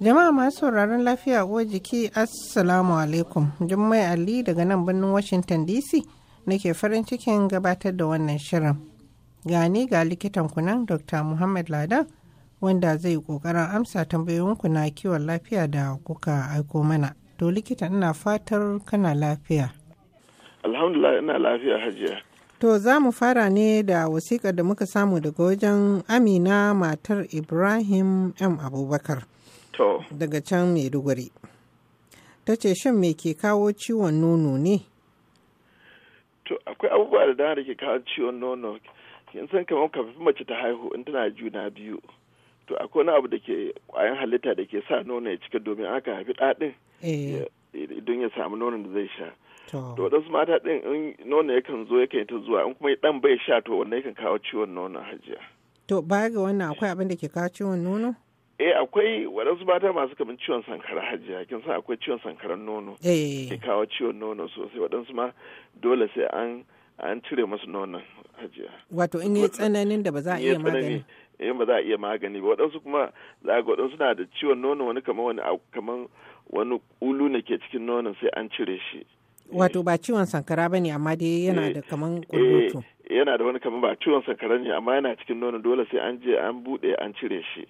Jama'a masu sauraron lafiya uwar jiki Assalamu alaikum. Jummai Ali daga nan birnin Washington DC nake farin cikin gabatar da wannan shirin. Gani ga likitan kunan Dr. Muhammad Ladan wanda zai kokarin amsa tambayoyin ku na kiwon lafiya da kuka aiko mana. To likita ina fatar kana lafiya. Alhamdulillah ina lafiya hajiya. To za mu fara ne da wasiƙa da muka samu daga wajen Amina matar Ibrahim M. Abubakar. Daga can Maiduguri. Ta ce shan me ke kawo ciwon nono ne? To akwai abubuwa da dama da ke kawo ciwon nono. Kin san kamar kafin mace ta haihu in tana juna biyu. To akwai wani abu da ke kwayan halitta da ke sa nono ya cika domin aka haifi ɗaɗin. Eh. Don ya samu nonon da zai sha. to da su mata din in nono yakan zo yakan ta zuwa in kuma dan bai sha to wannan yakan kawo ciwon nono hajiya to baya ga wannan akwai abin da ke kawo ciwon nono eh akwai wadansu mata masu kamar ciwon sankara hajiya kin san akwai ciwon sankaran nono eh. ke kawo ciwon nono sosai wadansu ma dole sai an an cire musu nonon hajiya wato in yi tsananin da ba za a iya magani in ba za a iya magani ba waɗansu kuma za ga waɗansu na da ciwon nono wani kamar wani kamar wani ulu ne ke cikin nonon sai an cire shi Wato eh. ba ciwon sankara ba ne amma dai yana da eh. kaman eh, kullutu. Yana da wani kaman ba ciwon sankara ne amma yana cikin nono dole sai an je an buɗe an cire shi.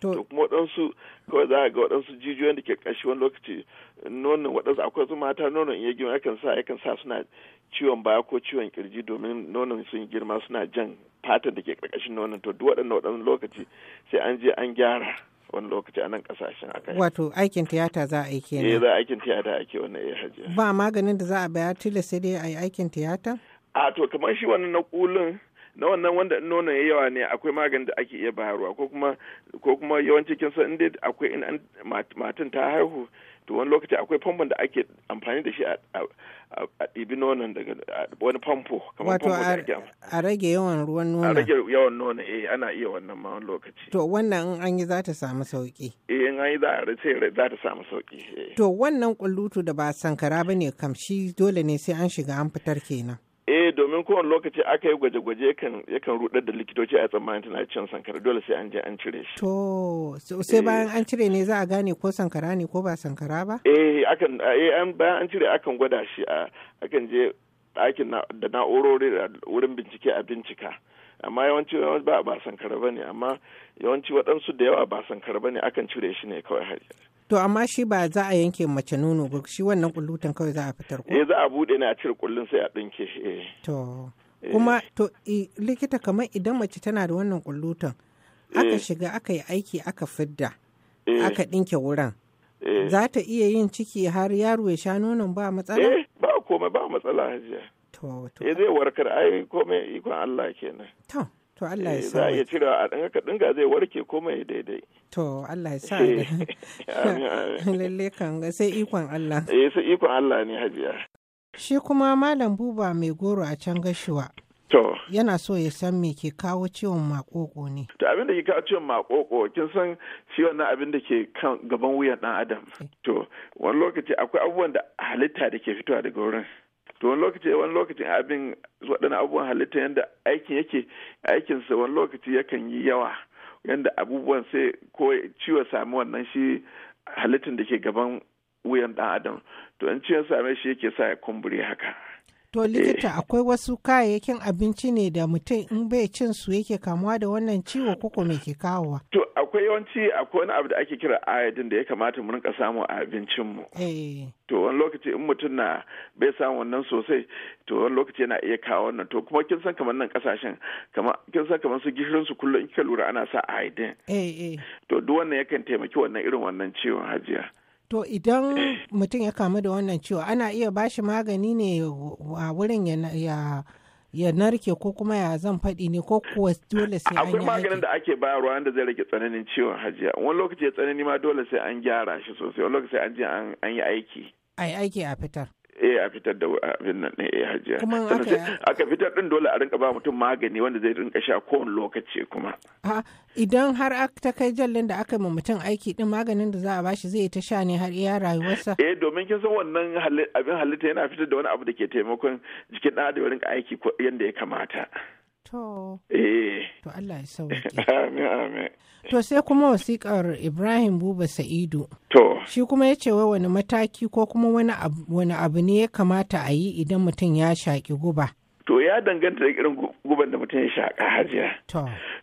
To kuma waɗansu kawai za a ga waɗansu jijiyoyin da ke ƙashi wani lokaci nonon waɗansu akwai su mata nonon in ya girma yakan sa yakan sa suna ciwon baya ko ciwon kirji domin nonon sun girma suna jan fatan da ke ƙarƙashin nonon to duk waɗannan waɗannan lokaci sai an je an gyara. wani lokaci a nan kasashen aka yi. Wato aikin tiyata za a yi kenan. Eh za aikin tiyata ake wannan ya eh, hajji. Ba maganin da za a bayar tilas sai dai a yi aikin tiyata? A to kamar shi wannan na kulin na wannan wanda nono ya yawa ne akwai maganin da ake iya bayarwa ko kuma ko kuma yawanci inda akwai in matan ta haihu to wani lokaci akwai famfon da ake amfani da shi a ɗibi nonon daga wani famfo kamar famfo da ake a rage yawan ruwan nonon a rage yawan nonon eh ana iya wannan ma wani lokaci to wannan in an yi za ta samu sauki eh in an yi za a sai za ta samu sauki eh. to wannan kullutu da ba sankara bane ne kamshi dole ne sai an shiga an fitar kenan domin kowane lokaci aka yi gwaje-gwaje yakan rudar da likitoci a tsammanin tana cin sankara dole sai an je an cire shi. To, sai eh. bayan an cire ne za a gane ko sankara ne ko ba sankara ba? Eh, eh bayan an cire akan gwada shi a akan je ɗakin da na'urori da wurin bincike a bincika. amma yawanci ba ba sankara ba ne amma yawanci waɗansu da yawa ba sankara ba ne akan cire shi ne kawai har To amma shi ba za a yanke mace nono ba shi wannan kullutan kawai za a fitar ko? Eh za a bude ne a cire kullun sai a dinke eh. To kuma eh. to likita kamar idan mace tana da wannan kullutan aka eh. shiga aka yi aiki aka fidda aka dinke wurin. Za ta iya yin ciki har yaro ya sha nonon ba matsala? Eh ba komai ba matsala hajiya. To to. Eh zai warkar ai komai ikon Allah kenan. To To Allah ya eh, sa. Za a iya cira a ɗan haka ɗinga zai warke komai daidai. To Allah ya sa. Eh, Lalle kan sai ikon Allah. Eh sai ikon Allah ne hajiya. Shi kuma Malam Buba mai goro a can gashiwa. To. Yana so ya san me ke kawo ciwon makoko ne. To abin da ke kawo ciwon makoko kin san shi wannan abin da ke kan gaban wuyan ɗan adam. Eh. To wani lokaci akwai abubuwan da halitta da ke fitowa daga wurin. to wani lokaci wani lokacin abin waɗannan abubuwan halitta yadda aikin yake aikinsa wani lokaci yakan yi yawa yadda abubuwan sai ko ciwo sami wannan shi halittun da ke gaban wuyan ɗan adam to in ciwon same shi yake sa ya kumbure haka To likita akwai wasu kayayyakin abinci ne da mutum in bai cin su yake kamuwa da wannan ciwo koko me ke kawowa? To akwai yawanci akwai wani abu da ake kira ayodin da ya kamata mu rinka samu a abincinmu. Eh. To wani lokaci in mutum na bai samu wannan sosai to wani lokaci yana iya kawo wannan to kuma kin san kamar nan kasashen kamar kin san kamar su gishirin su kullum in kika lura ana sa ayodin. Eh, eh. To duk wannan yakan taimaki wannan irin wannan ciwon hajiya. To idan mutum ya kamu da wannan ciwo ana iya ba shi magani ne a wurin ya narke ko kuma ya zan faɗi ne ko kuwa dole sai an yi akwai maganin da ake bayarwa wanda zai rage tsananin ciwon hajiya wani lokaci ya tsanani ma dole sai an gyara shi sosai wani lokaci an je an yi aiki ai aiki a fitar eh a fitar da abin nan eh hajiya a aka fitar din dole a rinka ba mutum magani wanda zai rinka sha kowane lokaci kuma idan har ta kai jallin da aka ma mutum aiki din maganin da za a bashi zai ta sha ne har iya rayuwarsa eh domin kin san wannan abin halitta yana fitar da wani abu da ke taimakon jikin ɗan adam rinka aiki yadda ya kamata To. Eh. To Allah ya sauke. Amin amin. To sai kuma wasikar Ibrahim Buba Sa'idu. To. Shi kuma ya ce wai wani mataki ko kuma wani abu ne ya kamata a yi idan mutum ya shaƙi guba. To danganta da irin guban da mutum ya shaƙa hajiya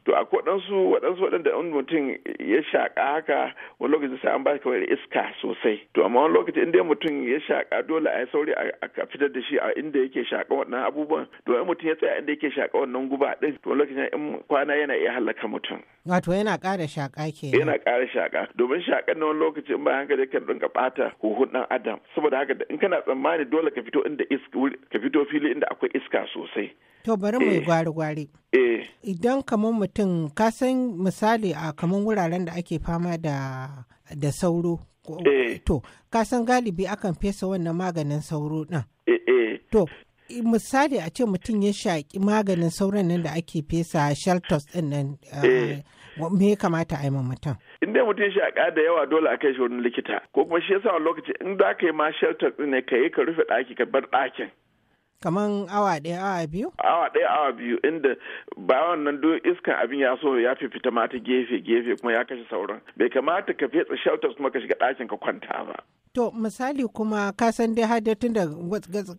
to akwai waɗansu waɗansu waɗanda in mutum ya shaƙa haka wani lokaci sai an ba shi kawai iska sosai to amma wani lokaci inda mutum ya shaƙa dole a yi sauri a fitar da shi a inda yake shaƙa waɗannan abubuwan to in mutum ya tsaya inda yake shaƙa wannan guba ɗin to wani lokacin in kwana yana iya halaka mutum. wato yana ƙara shaƙa ke yana ƙara shaƙa domin shaƙan na wani lokaci in ba hankali kan ɗinka ɓata huhun ɗan adam saboda haka in kana tsammani dole ka fito inda iska ka fito fili inda akwai iska sosai gwari. to bari mu eh. gwari-gwari eh. idan kamar mutum ka san misali a kamar wuraren da ake fama da da sauro eh. to ka san galibi akan fesa wannan maganin sauro ɗin to misali a ce mutum ya shaƙi maganin sauran nan da ake fesa shelters ɗin nan ah, me ya kamata a yi mutum? In dai mutum shaƙa da yawa dole a kai shi wani likita ko kuma shi yasa wani lokaci in za ka yi ma shelter ɗin ne ka yi ka rufe ɗaki ka bar ɗakin kaman awa ɗaya awa biyu? awa ɗaya awa biyu inda ba nan duk iskan abin ya so ya fi fita mata gefe gefe kuma ya kashe sauran bai kamata ka fetsa shelters kuma ka shiga ɗakin ka kwanta ba. to misali kuma ka san dai haddatun da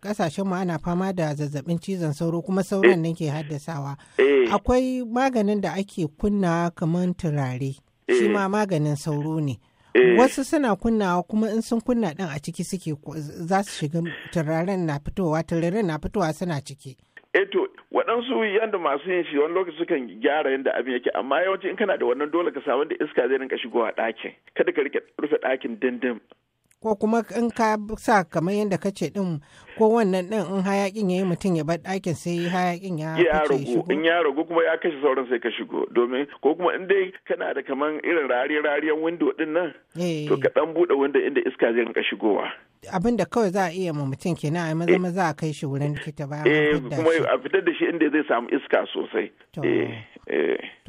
kasashen mu ana fama da zazzabin cizon sauro kuma sauran nan ke eh. haddasawa. Eh. akwai maganin da ake kunna kamar turare. shi eh. ma maganin sauro ne. Eh. Wasu suna kunnawa kuma in sun kunna ɗin a ciki suke za su shiga turaren na fitowa turaren na fitowa suna ciki. Eto eh waɗansu yadda masu yin shi wani lokaci sukan gyara yadda abin yake amma yawanci in kana da wannan dole ka samu da iska zai rinka shigowa ɗakin kada ka rufe ɗakin dindin ko kuma in ka sa kamar yadda ka ce din ko wannan din in hayakin yi mutum ya bar ɗakin sai hayakin ya ya ragu in ya ragu kuma ya kashe sauran sai ka shigo domin ko kuma in dai kana da kamar irin rari rariyan window din nan to eh. ka dan bude window inda iska zai rinka shigowa abin da kawai za a iya ma mutum kenan a maza eh. maza a kai shi wurin likita ba eh kuma a fitar da shi inda zai samu iska sosai to eh,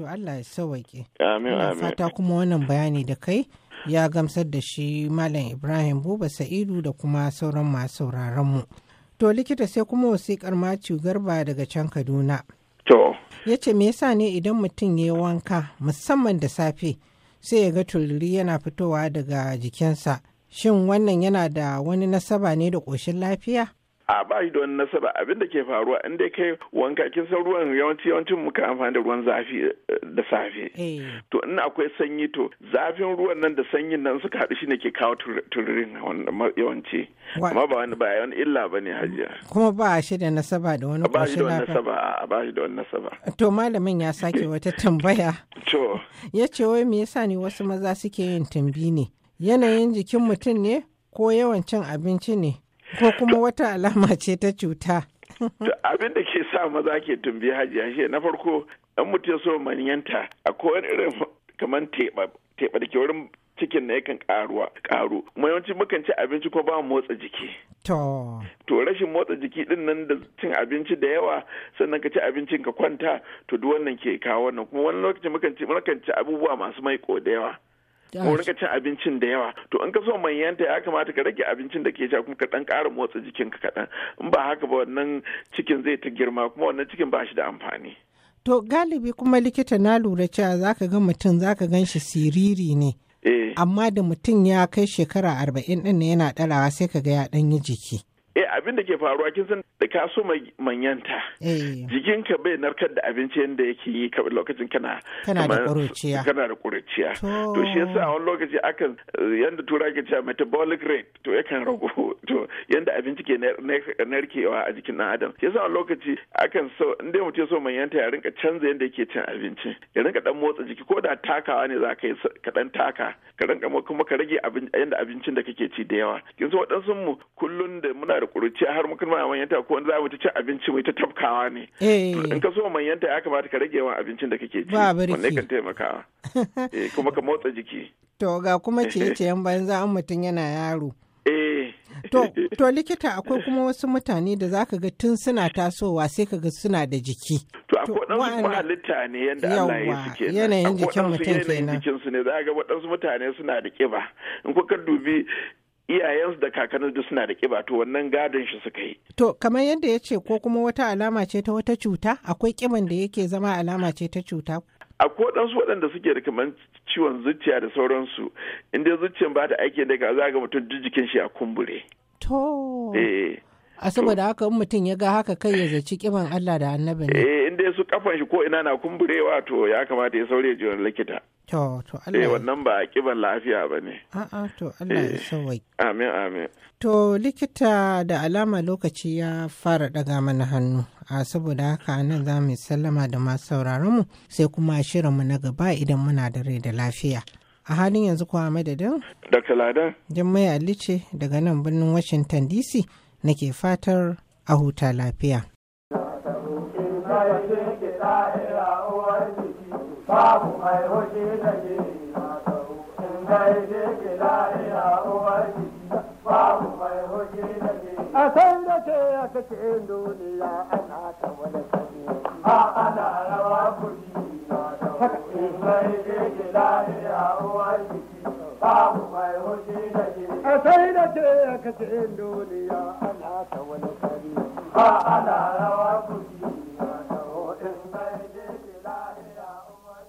Allah ya sawaike amin amin fata kuma wannan bayani da kai ya gamsar da shi Malam Ibrahim Buba Sa'idu da kuma sauran masu mu. To likita sai kuma wasiƙar Maciu Garba daga can Kaduna. To. Ya ce me yasa ne idan mutum ya yi wanka musamman da safe sai ya ga tururi yana fitowa daga jikinsa. Shin wannan yana da wani nasaba ne da ƙoshin lafiya? a ba shi da wani nasaba abin da ke faruwa in dai kai wanka kin san ruwan yawanci yawancin muka amfani da ruwan zafi eh, da safe eh. to in akwai sanyi to zafin ruwan nan da sanyin nan suka haɗu shine ke kawo tururin yawanci amma ba wani ba wani illa ba ne hajiya kuma ba shi da nasaba da wani kwashe lafiya ba nasaba ba shi da wani nasaba to malamin ya sake wata tambaya to ya ce wai me yasa ne wasu maza suke yin tambi ne yanayin jikin mutum ne ko yawan cin abinci ne Ko kuma wata alama ce ta cuta. Abin da ke sa maza ke tumbi hajiya shi na farko ɗan mutum ya so manyanta a kowane irin kamar teɓa da ke wurin cikin na yakan karuwa karu kuma yawanci mukan ci abinci ko ba motsa jiki to rashin motsa jiki din nan da cin abinci da yawa sannan ka ci abincin ka kwanta to duk wannan ke kawo wannan kuma wani lokaci mukan mukan ci abubuwa masu maiko da yawa ko rika cin abincin da yawa to in ka so manyanta ya kamata ka rage abincin da ke sha kuma ka dan ƙara motsa jikin ka kaɗan in ba haka ba wannan cikin zai ta girma kuma wannan cikin ba shi da amfani. To galibi kuma likita na lura cewa zaka ga mutum zaka gan shi siriri ne. Eh. Amma da mutum ya kai shekara arba'in ɗin yana ɗarawa sai ka ga ya ɗan jiki. Eh, abin da ke faruwa kin san da ka so manyanta eh. jikinka bai narkar da abinci yadda yake yi lokacin kana kana da kuruciya to shi yasa a wani lokaci akan yanda tura ke cewa metabolic rate to yakan ragu to yanda abinci ke narkewa a jikin dan adam shi yasa a wani lokaci akan so in dai mutum so manyanta ya rinka canza yanda yake cin abinci ya rinka dan motsa jiki ko da takawa ne za ka yi ka dan taka ka rinka kuma ka rage yanda abincin da kake ci da yawa kin san waɗansu mu kullun da muna da kuruciya ƙuruciya har mukan ma manyanta ko wanda za mu ta ci abinci mu ta tafkawa ne eh. in ka so manyanta ya kamata ka rage yawan abincin da kake ci wanne kan taimakawa eh, kuma ka motsa jiki to ga kuma ciye-ciyen banza an mutum yana yaro eh. to, to likita akwai kuma wasu mutane da za ka ga tun suna tasowa sai ka ga suna da jiki. To akwai dan wasu halitta ne yadda Allah ya su kenan. Yanayin jikin mutum kenan. Akwai waɗansu jikinsu ne za ga wadansu mutane suna da ƙiba. In kuka dubi iyayensu da kakannin duk suna da kiba to wannan gadon shi suka yi. To kamar yadda ya ce ko kuma wata alama ce ta wata cuta akwai ƙiban da yake zama alama ce ta cuta. Akwai waɗansu waɗanda suke da kamar ciwon zuciya da sauransu inda zuciyan ba ta aiki da za ga mutum duk jikin shi a kumbure. To. Eh. a saboda haka in mutum ya ga haka kai ya zaci ƙiban Allah da annabi ne. Eh, dai su kafan shi ko ina na kumburewa to ya kamata ya saurayi jiwon likita to to Allah eh wannan ba kiban lafiya ba ne a'a to Allah ya eh, sauwai amin amin to likita da alama lokaci ya fara daga mana hannu a saboda haka nan za mu sallama da masu sauraron mu sai kuma shirin mu na gaba idan muna da rai da lafiya a halin yanzu kuwa madadin dr ladan ali ce daga nan birnin washington dc nake fatar a huta lafiya mai jinki lahira mai na mai a san da ke ya duniya ana ta wani kare a ana rawa kuri na tsaro in mai jinki lahira uwar jiki babu mai hoshi da ke. a san da ke ya duniya ana ta wani kare a ana rawa kuri